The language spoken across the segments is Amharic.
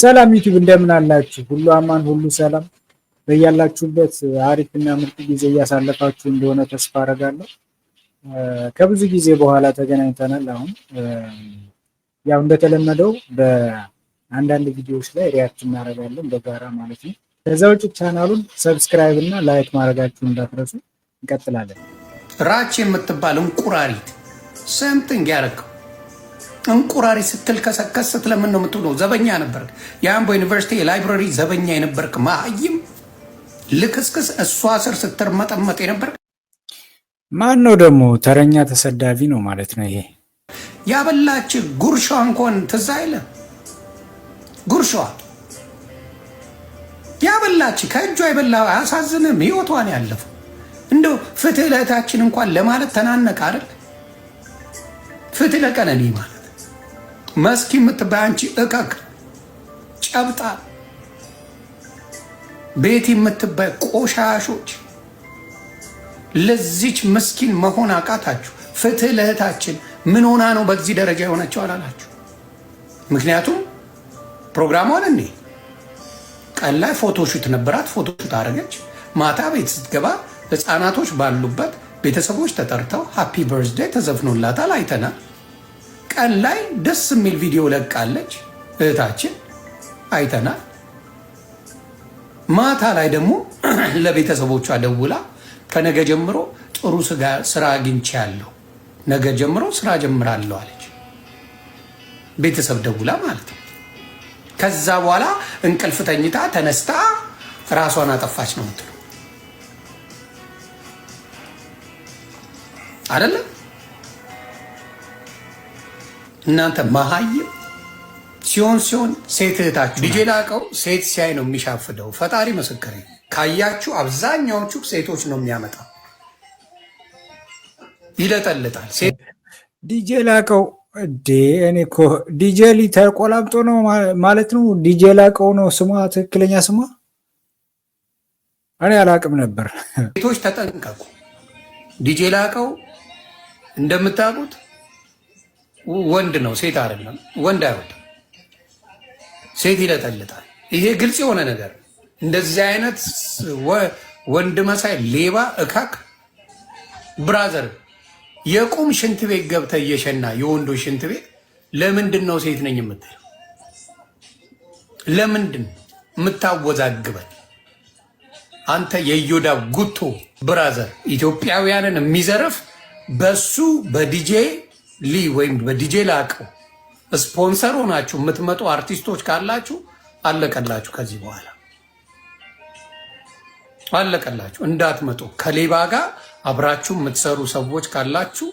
ሰላም ዩቲዩብ እንደምን አላችሁ? ሁሉ አማን፣ ሁሉ ሰላም በያላችሁበት አሪፍ እና ምርጥ ጊዜ እያሳለፋችሁ እንደሆነ ተስፋ አደርጋለሁ። ከብዙ ጊዜ በኋላ ተገናኝተናል። አሁን ያው እንደተለመደው በአንዳንድ ቪዲዮዎች ላይ ሪያክት እናደርጋለን በጋራ ማለት ነው። ከዛ ውጭ ቻናሉን ሰብስክራይብ እና ላይክ ማድረጋችሁ እንዳትረሱ። እንቀጥላለን። ራች የምትባል እንቁራሪት ሰምትንግ ያደረገው እንቁራሪ ስትልከሰከስ ስትለምን ነው የምትውለው። ዘበኛ ነበር። የአምቦ ዩኒቨርሲቲ የላይብራሪ ዘበኛ የነበርክ ማይም ልክስክስ፣ እሷ ስር ስትርመጠመጥ የነበር ማን ነው ደግሞ? ተረኛ ተሰዳቢ ነው ማለት ነው። ይሄ ያበላች ጉርሻ እንኳን ትዝ አይለ ጉርሻ ያበላች ከእጇ የበላ አያሳዝንም? ህይወቷን ያለፉ እንደው ፍትህ ለእህታችን እንኳን ለማለት ተናነቅ አይደል? ፍትህ ለቀነኒ ማለት መስኪ የምትባይ አንቺ እከክ ጨብጣ ቤት የምትባይ ቆሻሾች ለዚች ምስኪን መሆን አቃታችሁ። ፍትህ ለእህታችን ምን ሆና ነው በዚህ ደረጃ የሆነችው አላላችሁ። ምክንያቱም ፕሮግራሟን እንዴ ቀን ላይ ፎቶሹት ነበራት፣ ፎቶሹት አደረገች። ማታ ቤት ስትገባ ህፃናቶች ባሉበት ቤተሰቦች ተጠርተው ሃፒ በርዝዴ ተዘፍኖላታል አይተናል። ቀን ላይ ደስ የሚል ቪዲዮ ለቃለች እህታችን፣ አይተናል። ማታ ላይ ደግሞ ለቤተሰቦቿ ደውላ ከነገ ጀምሮ ጥሩ ስራ አግኝቻለሁ፣ ነገ ጀምሮ ስራ ጀምራለሁ አለች። ቤተሰብ ደውላ ማለት ነው። ከዛ በኋላ እንቅልፍ ተኝታ ተነስታ ራሷን አጠፋች ነው ምትሉ አይደለም። እናንተ መሀይም ሲሆን ሲሆን ሴት እህታችሁ ልጄ ላቀው ሴት ሲያይ ነው የሚሻፍደው። ፈጣሪ ምስክሬ ካያችሁ አብዛኛዎቹ ሴቶች ነው የሚያመጣ ይለጠልጣል። ዲጄ ላቀው እንዴ! እኔ እኮ ዲጄ ተቆላምጦ ነው ማለት ነው። ዲጄ ላቀው ነው ስሟ፣ ትክክለኛ ስሟ እኔ አላቅም ነበር። ሴቶች ተጠንቀቁ። ዲጄ ላቀው እንደምታውቁት ወንድ ነው፣ ሴት አይደለም። ወንድ አይወድም፣ ሴት ይለጠልጣል። ይሄ ግልጽ የሆነ ነገር። እንደዚህ አይነት ወንድ መሳይ ሌባ እካክ ብራዘር፣ የቁም ሽንት ቤት ገብተ እየሸና የወንዶ ሽንት ቤት ለምንድን ነው ሴት ነኝ የምትል ለምንድን የምታወዛግበን? አንተ የዮዳ ጉቶ ብራዘር፣ ኢትዮጵያውያንን የሚዘርፍ በሱ በዲጄ ሊ ወይም በዲጄ ላቀው ስፖንሰር ሆናችሁ የምትመጡ አርቲስቶች ካላችሁ አለቀላችሁ። ከዚህ በኋላ አለቀላችሁ፣ እንዳትመጡ። ከሌባ ጋር አብራችሁ የምትሰሩ ሰዎች ካላችሁ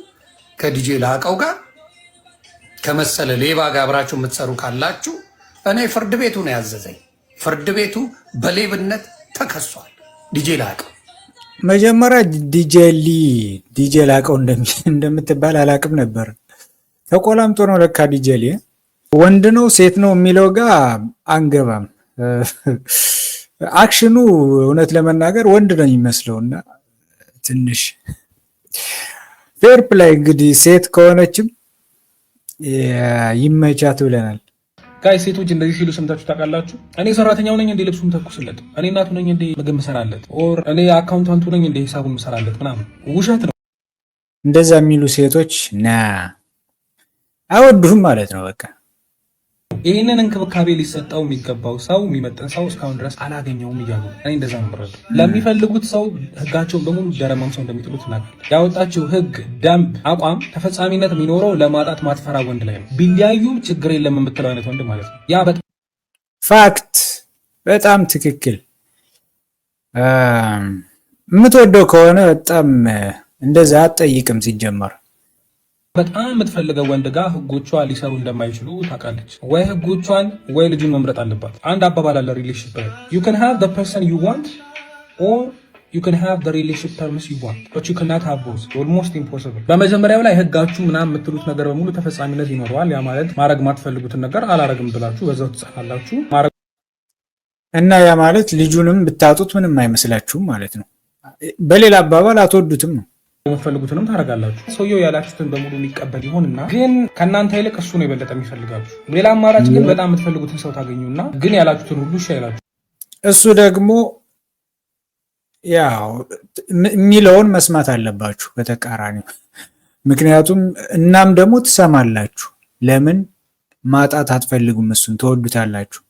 ከዲጄ ላቀው ጋር ከመሰለ ሌባ ጋር አብራችሁ የምትሰሩ ካላችሁ እኔ ፍርድ ቤቱ ነው ያዘዘኝ። ፍርድ ቤቱ በሌብነት ተከሷል ዲጄ ላቀው መጀመሪያ ሊ ዲጄ ላቀው እንደምትባል አላቅም ነበር። ተቆላምጦ ነው ለካ ሊ ወንድ ነው ሴት ነው የሚለው ጋር አንገባም። አክሽኑ እውነት ለመናገር ወንድ ነው የሚመስለው እና ትንሽ ፌር እንግዲህ ሴት ከሆነችም ይመቻት ብለናል። ጋይ ሴቶች እንደዚህ ሲሉ ሰምታችሁ ታውቃላችሁ? እኔ ሰራተኛው ነኝ እንዴ ልብሱም ተኩስለት፣ እኔ እናቱ ነኝ እንዴ ምግብ ምሰራለት፣ ኦር እኔ አካውንታንቱ ነኝ እንዴ ሂሳቡን ምሰራለት ምናምን። ውሸት ነው። እንደዛ የሚሉ ሴቶች ና አይወዱህም ማለት ነው በቃ ይህንን እንክብካቤ ሊሰጠው የሚገባው ሰው የሚመጥን ሰው እስካሁን ድረስ አላገኘውም እያሉ እኔ እንደዛ ነው ምረዱ ለሚፈልጉት ሰው ህጋቸውን በሙሉ ደረማም ሰው እንደሚጥሉት ናገር ያወጣችው ህግ፣ ደንብ፣ አቋም ተፈጻሚነት የሚኖረው ለማጣት ማትፈራ ወንድ ላይ ነው። ቢለያዩም ችግር የለም የምትለው አይነት ወንድ ማለት ነው። ያ ፋክት። በጣም ትክክል። የምትወደው ከሆነ በጣም እንደዛ አትጠይቅም ሲጀመር በጣም የምትፈልገው ወንድ ጋር ህጎቿ ሊሰሩ እንደማይችሉ ታውቃለች። ወይ ህጎቿን ወይ ልጁን መምረጥ አለባት። አንድ አባባል አለ ሪሌሽን ላይ ዩ ካን ሃቭ ዘ ፐርሰን ዩ ዋንት ኦር ዩ ካን ሃቭ ዘ ዩ ዋንት ዩ ሃቭ ቦዝ ኦልሞስት ኢምፖሲብል። በመጀመሪያው ላይ ህጋችሁ ምናምን የምትሉት ነገር በሙሉ ተፈጻሚነት ይኖረዋል። ያ ማለት ማድረግ ማትፈልጉትን ነገር አላረግም ብላችሁ በዛው ትጽፋላችሁ እና ያ ማለት ልጁንም ብታጡት ምንም አይመስላችሁም ማለት ነው። በሌላ አባባል አትወዱትም ነው። የምትፈልጉትንም ታደርጋላችሁ። ሰውየው ያላችሁትን በሙሉ የሚቀበል ይሆንና ግን ከእናንተ ይልቅ እሱ ነው የበለጠ የሚፈልጋችሁ። ሌላ አማራጭ ግን በጣም የምትፈልጉትን ሰው ታገኙና ግን ያላችሁትን ሁሉ እሺ አይላችሁ። እሱ ደግሞ ያው የሚለውን መስማት አለባችሁ በተቃራኒ ምክንያቱም እናም ደግሞ ትሰማላችሁ። ለምን ማጣት አትፈልጉም? እሱን ትወዱታላችሁ።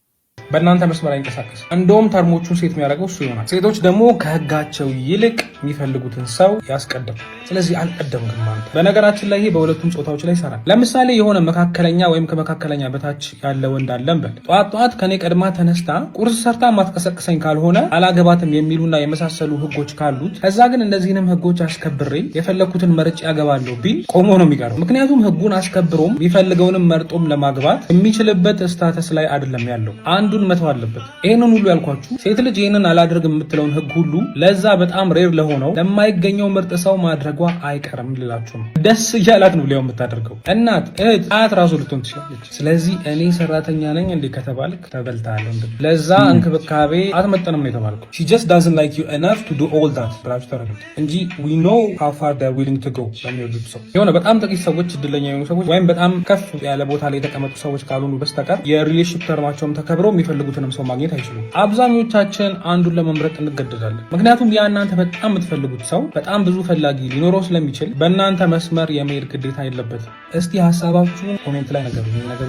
በእናንተ መስመር አይንቀሳቀስ። እንደውም ተርሞቹን ሴት የሚያደርገው እሱ ይሆናል። ሴቶች ደግሞ ከህጋቸው ይልቅ የሚፈልጉትን ሰው ያስቀድም። ስለዚህ ግን ማለት በነገራችን ላይ ይሄ በሁለቱም ፆታዎች ላይ ይሰራል። ለምሳሌ የሆነ መካከለኛ ወይም ከመካከለኛ በታች ያለ ወንድ አለን በል። ጠዋት ጠዋት ከኔ ቀድማ ተነስታ ቁርስ ሰርታ ማትቀሰቅሰኝ ካልሆነ አላገባትም የሚሉና የመሳሰሉ ህጎች ካሉት ከዛ ግን እነዚህንም ህጎች አስከብሬ የፈለግኩትን መርጬ ያገባለሁ ቢል ቆሞ ነው የሚቀረው። ምክንያቱም ህጉን አስከብሮም የሚፈልገውንም መርጦም ለማግባት የሚችልበት ስታተስ ላይ አይደለም ያለው አንዱ አንዱን መተው አለበት። ይህንን ሁሉ ያልኳችሁ ሴት ልጅ ይህንን አላደርግ የምትለውን ህግ ሁሉ ለዛ በጣም ሬር ለሆነው ለማይገኘው ምርጥ ሰው ማድረጓ አይቀርም ልላችሁ ነው። ደስ እያላት ነው ሊያው የምታደርገው። እናት፣ እህት፣ አያት ራሱ ልትሆን ትችላለች። ስለዚህ እኔ ሰራተኛ ነኝ እንዴ ከተባልክ ተበልተሃል። ለዛ እንክብካቤ አትመጠንም ነው የተባልከው። ሺ ጀስት ዳዝንት ላይክ ዩ ኢነፍ ቱ ዱ ኦል ዳት ብላችሁ ተረዱት እንጂ ዊ ኖው ሃው ፋር ዴይ ዊሊንግ ቱ ጎ ለሚወዱት ሰው የሆነ በጣም ጥቂት ሰዎች እድለኛ የሆኑ ሰዎች ወይም በጣም ከፍ ያለ ቦታ ላይ የተቀመጡ ሰዎች ካልሆኑ በስተቀር የሪሌሽንሺፕ ተርማቸውም ተከብረው የሚፈልጉትንም ሰው ማግኘት አይችሉም። አብዛኞቻችን አንዱን ለመምረጥ እንገደዳለን። ምክንያቱም ያ እናንተ በጣም የምትፈልጉት ሰው በጣም ብዙ ፈላጊ ሊኖረው ስለሚችል በእናንተ መስመር የመሄድ ግዴታ የለበትም። እስቲ ሀሳባችሁን ኮሜንት ላይ ነገር ነገር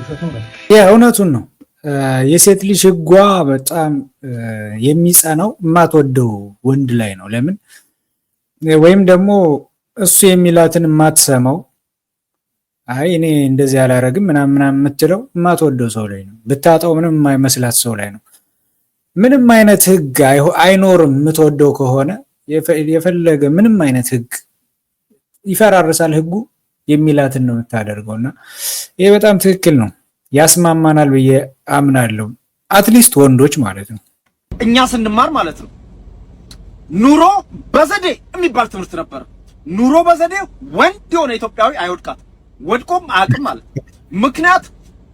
እውነቱን ነው። የሴት ልጅ ህጓ በጣም የሚጸነው የማትወደው ወንድ ላይ ነው። ለምን ወይም ደግሞ እሱ የሚላትን የማትሰማው አይ እኔ እንደዚህ አላረግም ምናምን ምናምን የምትለው የማትወደው ሰው ላይ ነው። ብታጠው ምንም የማይመስላት ሰው ላይ ነው። ምንም አይነት ህግ አይኖርም። የምትወደው ከሆነ የፈለገ ምንም አይነት ህግ ይፈራርሳል ህጉ የሚላትን ነው የምታደርገው። እና ይሄ በጣም ትክክል ነው፣ ያስማማናል ብዬ አምናለሁ። አትሊስት ወንዶች ማለት ነው። እኛ ስንማር ማለት ነው ኑሮ በዘዴ የሚባል ትምህርት ነበር። ኑሮ በዘዴ ወንድ የሆነ ኢትዮጵያዊ አይወድቃት ወድቆም አቅም አለ። ምክንያት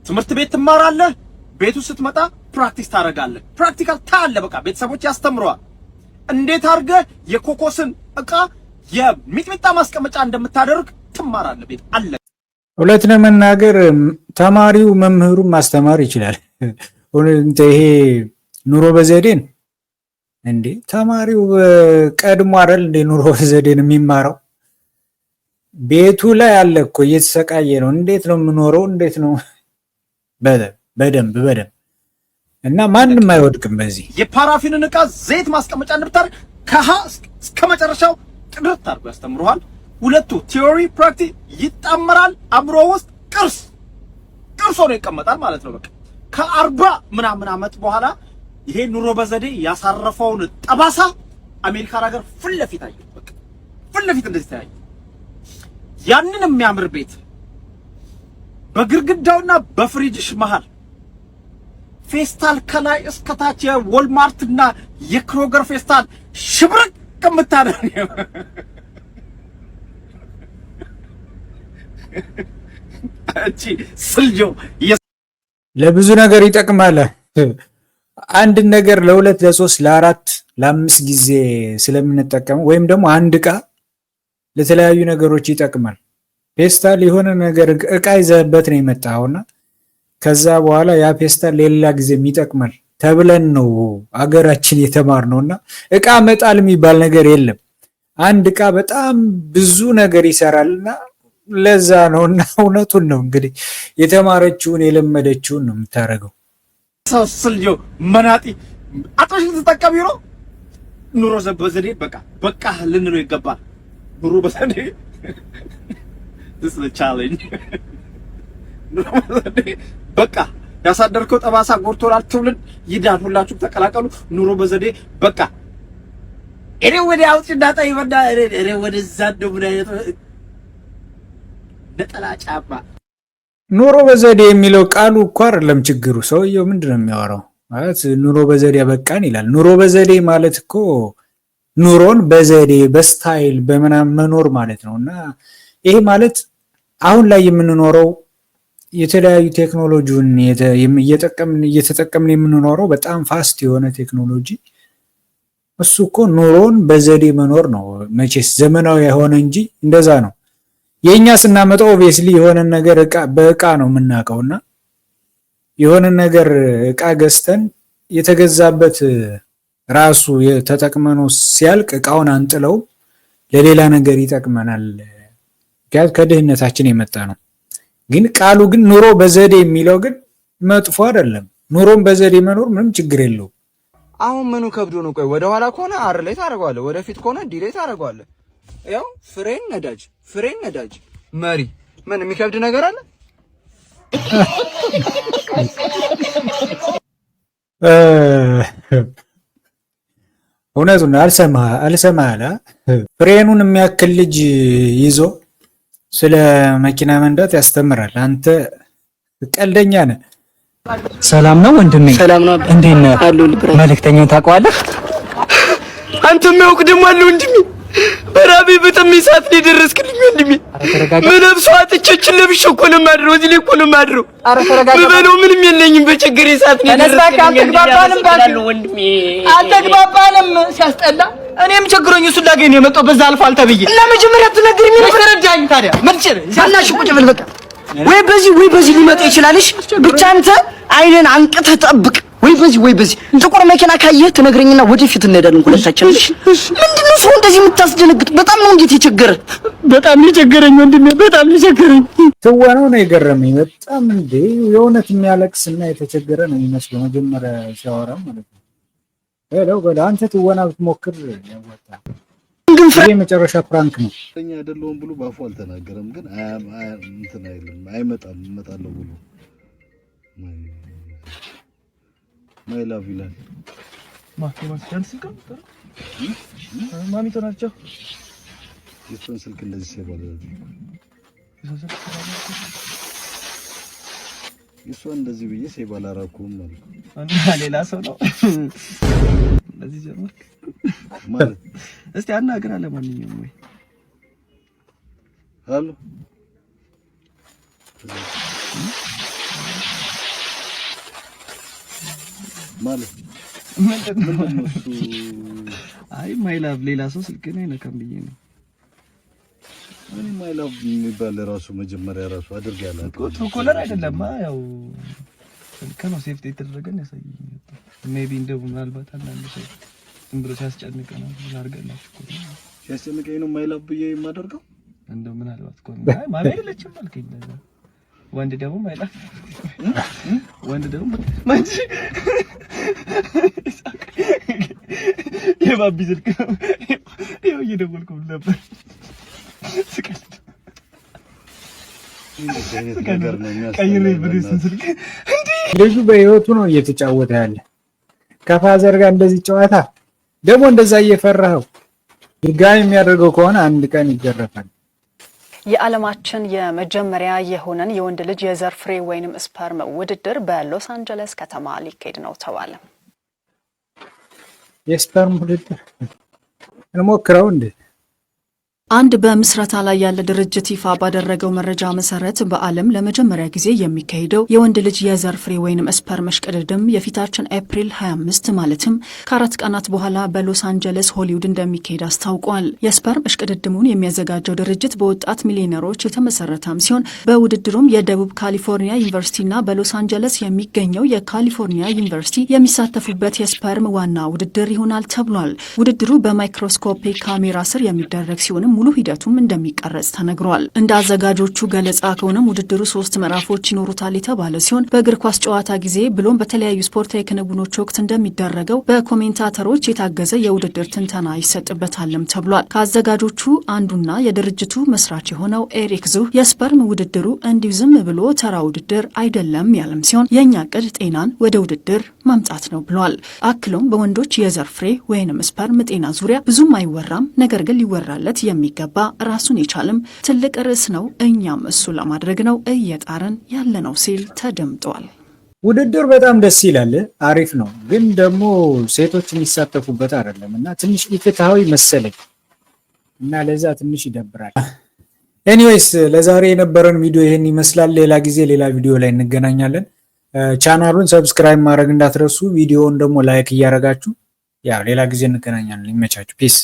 ትምህርት ቤት ትማራለህ፣ ቤቱ ስትመጣ ፕራክቲስ ታደርጋለህ። ፕራክቲካል ታለ በቃ ቤተሰቦች ያስተምረዋል። እንዴት አድርገህ የኮኮስን እቃ የሚጥሚጣ ማስቀመጫ እንደምታደርግ ትማራለህ። ቤት አለ። እውነት ለመናገር ተማሪው መምህሩን ማስተማር ይችላል። ይሄ ኑሮ በዘዴን እንዴ ተማሪው ቀድሞ አይደል እንዴ ኑሮ በዘዴን የሚማረው ቤቱ ላይ አለ እኮ እየተሰቃየ ነው። እንዴት ነው የምኖረው? እንዴት ነው በደንብ በደንብ እና ማንም አይወድቅም። በዚህ የፓራፊንን እቃ ዘይት ማስቀመጫ ንብታር ከሀ እስከ መጨረሻው ቅድር ታርጎ ያስተምረዋል። ሁለቱ ቲዮሪ ፕራክቲ ይጣመራል። አእምሮ ውስጥ ቅርስ ቅርሶ ነው ይቀመጣል ማለት ነው። በቃ ከአርባ ምናምን ዓመት በኋላ ይሄ ኑሮ በዘዴ ያሳረፈውን ጠባሳ አሜሪካን ሀገር ፊት ለፊት አየሁት። በቃ ፊት ለፊት እንደዚህ ተያየ። ያንን የሚያምር ቤት በግርግዳውና በፍሪጅሽ መሃል ፌስታል ከላይ እስከታች የወልማርትና የክሮገር ፌስታል ሽብርቅ ከምታደርግ እቺ ስልጆ ለብዙ ነገር ይጠቅማል። አንድ ነገር ለሁለት፣ ለሶስት፣ ለአራት፣ ለአምስት ጊዜ ስለምንጠቀመው ወይም ደግሞ አንድ ዕቃ ለተለያዩ ነገሮች ይጠቅማል። ፔስታል የሆነ ነገር እቃ ይዘህበት ነው የመጣኸውና ከዛ በኋላ ያ ፔስታል ሌላ ጊዜም ይጠቅማል ተብለን ነው አገራችን የተማር ነው እና እቃ መጣል የሚባል ነገር የለም። አንድ እቃ በጣም ብዙ ነገር ይሰራልና ለዛ ነው እና እውነቱን ነው እንግዲህ የተማረችውን የለመደችውን ነው የምታደርገው። ሰስልጆ መናጢ አቶሽ ተጠቀሚ ነው ኑሮ ዘበዘዴ በቃ በቃ ልንለው ይገባል። Bro, but Sunday, this is a ያሳደርከው ጠባሳ ጎድቶናል። ትውልድ ይዳን። ሁላችሁም ተቀላቀሉ። ኑሮ በዘዴ በቃ እኔ ወደ አውጭ እንዳጣ ይበዳ እኔ ወደዛ ምን አይነት ነጠላ ጫማ ኑሮ በዘዴ የሚለው ቃሉ እኮ አይደለም ችግሩ። ሰውየው ምንድን ነው የሚያወራው? ማለት ኑሮ በዘዴ በቃን ይላል። ኑሮ በዘዴ ማለት እኮ ኑሮን በዘዴ በስታይል በምናምን መኖር ማለት ነው እና ይሄ ማለት አሁን ላይ የምንኖረው የተለያዩ ቴክኖሎጂውን እየተጠቀምን የምንኖረው በጣም ፋስት የሆነ ቴክኖሎጂ እሱ እኮ ኑሮን በዘዴ መኖር ነው። መቼስ ዘመናዊ የሆነ እንጂ እንደዛ ነው። የእኛ ስናመጣው ኦብቪየስሊ የሆነን ነገር በእቃ ነው የምናውቀውና የሆነ የሆነን ነገር እቃ ገዝተን የተገዛበት ራሱ ተጠቅመኖ ሲያልቅ እቃውን አንጥለው ለሌላ ነገር ይጠቅመናል። ምክንያቱ ከድህነታችን የመጣ ነው። ግን ቃሉ ግን ኑሮ በዘዴ የሚለው ግን መጥፎ አይደለም። ኑሮም በዘዴ መኖር ምንም ችግር የለውም። አሁን ምኑ ከብዶ ነው? ቆይ ወደኋላ ከሆነ አር ላይ ታደርገዋለህ፣ ወደፊት ከሆነ ዲ ላይ ታደርገዋለህ። ያው ፍሬን ነዳጅ፣ ፍሬን ነዳጅ፣ መሪ ምን የሚከብድ ነገር አለ? እውነቱን አልሰማ አለ። ፍሬኑን የሚያክል ልጅ ይዞ ስለ መኪና መንዳት ያስተምራል። አንተ ቀልደኛ ነህ። ሰላም ነው ወንድሜ፣ ሰላም ነው። እንዴት ነህ? መልእክተኛውን ታውቀዋለህ? አንተ የሚያውቅ ደግሞ አለ ወንድሜ ራቤ በጣም የሰዓት ላይ ደረስክልኝ ወንድሜ። ምለብሶ አጥቼችን ለብሼ እኮ ነው የማድረው፣ እዚህ ላይ እኮ ነው የማድረው። ምበለው ምንም የለኝም። በችግር የሰዓት ላይ አልተግባባንም። ሲያስጠላ እኔም ቸግሮኝ እሱን ላገኝ ነው የመጣው። በዛ አልፎ አልተብዬ እና መጀመሪያ ትነግሪኝ ነው ተረዳኝ። ታዲያ መልቼ ሳላሽ ቁጭ በቃ። ወይ በዚህ ወይ በዚህ ሊመጣ ይችላልሽ። ብቻ አንተ አይነን አንቅተህ ጠብቅ ወይ በዚህ ወይ በዚህ ጥቁር መኪና ካየህ ትነግረኝና ወደፊት እንሄዳለን ሁለታችን። ምንድን ነው ሰው እንደዚህ የምታስደነግጥ? በጣም ነው እንዴት የቸገረ በጣም የቸገረኝ ወንድሜ፣ በጣም የቸገረኝ ትወናው ነው የገረመኝ በጣም እንዴ። የእውነት እና የተቸገረ ነው የሚመስለው መጀመሪያ ሲያወራ ማለት ነው። ሄለው በላ አንተ ትወና ብትሞክር ያወጣ ግን መጨረሻ ፕራንክ ነው። እኛ አይደለሁም ብሎ ባፉ አልተናገረም፣ ግን እንትን አይልም አይመጣም እመጣለሁ ብሎ ማይ ላቭ ይላል። ማሚ ናቸው የእሱን ስልክ እንደዚህ ሲባል የእሷን እንደዚህ ብዬ ሴባል አላደረኩም አልኩ እና ሌላ ሰው ነው እንደዚህ ጀመርክ ማለት እስቲ አናግራ። ለማንኛውም ወይ ሄሎ ማለት ነው። አይ ሌላ ሰው ስልክህን አይነካም ብዬ ነው። እኔ ማይላቭ የሚባል ራሱ መጀመሪያ ራሱ አድርግ ያለ ትሩ ኮለር አይደለም። ያው ስልክህ ነው ሴፍቲ የተደረገን ያሳየኝ። ሜቢ እንደው ምናልባት አንዳንድ ሰው ዝም ብሎ ሲያስጨንቀን ነው ላድርግላችሁ እኮ ሲያስጨንቀኝ ነው ማይላቭ ብዬ የማደርገው እንደው ምናልባት እኮ ማሜ አይደለችም አልከኝ። ወንድ ደግሞ ማይላቭ ወንድ ደግሞ ማንቺ የባቢ ስልክ ያው እየደወልኩ ነበር። ልጁ በህይወቱ ነው እየተጫወተ ያለ ከፋዘር ጋር እንደዚህ ጨዋታ ደግሞ እንደዛ እየፈራኸው ድጋሚ የሚያደርገው ከሆነ አንድ ቀን ይገረፋል። የዓለማችን የመጀመሪያ የሆነን የወንድ ልጅ የዘር ፍሬ ወይንም ስፐርም ውድድር በሎስ አንጀለስ ከተማ ሊካሄድ ነው ተባለ። የስፐርም ውድድር እንሞክረው እንዴ? አንድ በምስረታ ላይ ያለ ድርጅት ይፋ ባደረገው መረጃ መሰረት በዓለም ለመጀመሪያ ጊዜ የሚካሄደው የወንድ ልጅ የዘር ፍሬ ወይም ስፐርም እሽቅድድም የፊታችን ኤፕሪል 25 ማለትም ከአራት ቀናት በኋላ በሎስ አንጀለስ ሆሊውድ እንደሚካሄድ አስታውቋል። የስፐርም እሽቅድድሙን የሚያዘጋጀው ድርጅት በወጣት ሚሊዮነሮች የተመሰረተም ሲሆን በውድድሩም የደቡብ ካሊፎርኒያ ዩኒቨርሲቲና በሎስ አንጀለስ የሚገኘው የካሊፎርኒያ ዩኒቨርሲቲ የሚሳተፉበት የስፐርም ዋና ውድድር ይሆናል ተብሏል። ውድድሩ በማይክሮስኮፒክ ካሜራ ስር የሚደረግ ሲሆንም ሙሉ ሂደቱም እንደሚቀረጽ ተነግሯል። እንደ አዘጋጆቹ ገለጻ ከሆነም ውድድሩ ሶስት ምዕራፎች ይኖሩታል የተባለ ሲሆን በእግር ኳስ ጨዋታ ጊዜ ብሎም በተለያዩ ስፖርታዊ ክንውኖች ወቅት እንደሚደረገው በኮሜንታተሮች የታገዘ የውድድር ትንተና ይሰጥበታልም ተብሏል። ከአዘጋጆቹ አንዱና የድርጅቱ መስራች የሆነው ኤሪክ ዙህ የስፐርም ውድድሩ እንዲሁ ዝም ብሎ ተራ ውድድር አይደለም ያለም ሲሆን የእኛ ቅድ ጤናን ወደ ውድድር ማምጣት ነው ብሏል። አክሎም በወንዶች የዘር ፍሬ ወይንም ስፐርም ጤና ዙሪያ ብዙም አይወራም፣ ነገር ግን ሊወራለት የሚ በሚገባ ራሱን የቻለም ትልቅ ርዕስ ነው። እኛም እሱ ለማድረግ ነው እየጣርን ያለ ነው ሲል ተደምጧል። ውድድር በጣም ደስ ይላል፣ አሪፍ ነው። ግን ደግሞ ሴቶች የሚሳተፉበት አይደለም እና ትንሽ ኢፍትሃዊ መሰለኝ እና ለዛ ትንሽ ይደብራል። ኤኒዌይስ ለዛሬ የነበረን ቪዲዮ ይህን ይመስላል። ሌላ ጊዜ ሌላ ቪዲዮ ላይ እንገናኛለን። ቻናሉን ሰብስክራይብ ማድረግ እንዳትረሱ፣ ቪዲዮውን ደግሞ ላይክ እያደረጋችሁ ያው ሌላ ጊዜ እንገናኛለን። ይመቻችሁ። ፒስ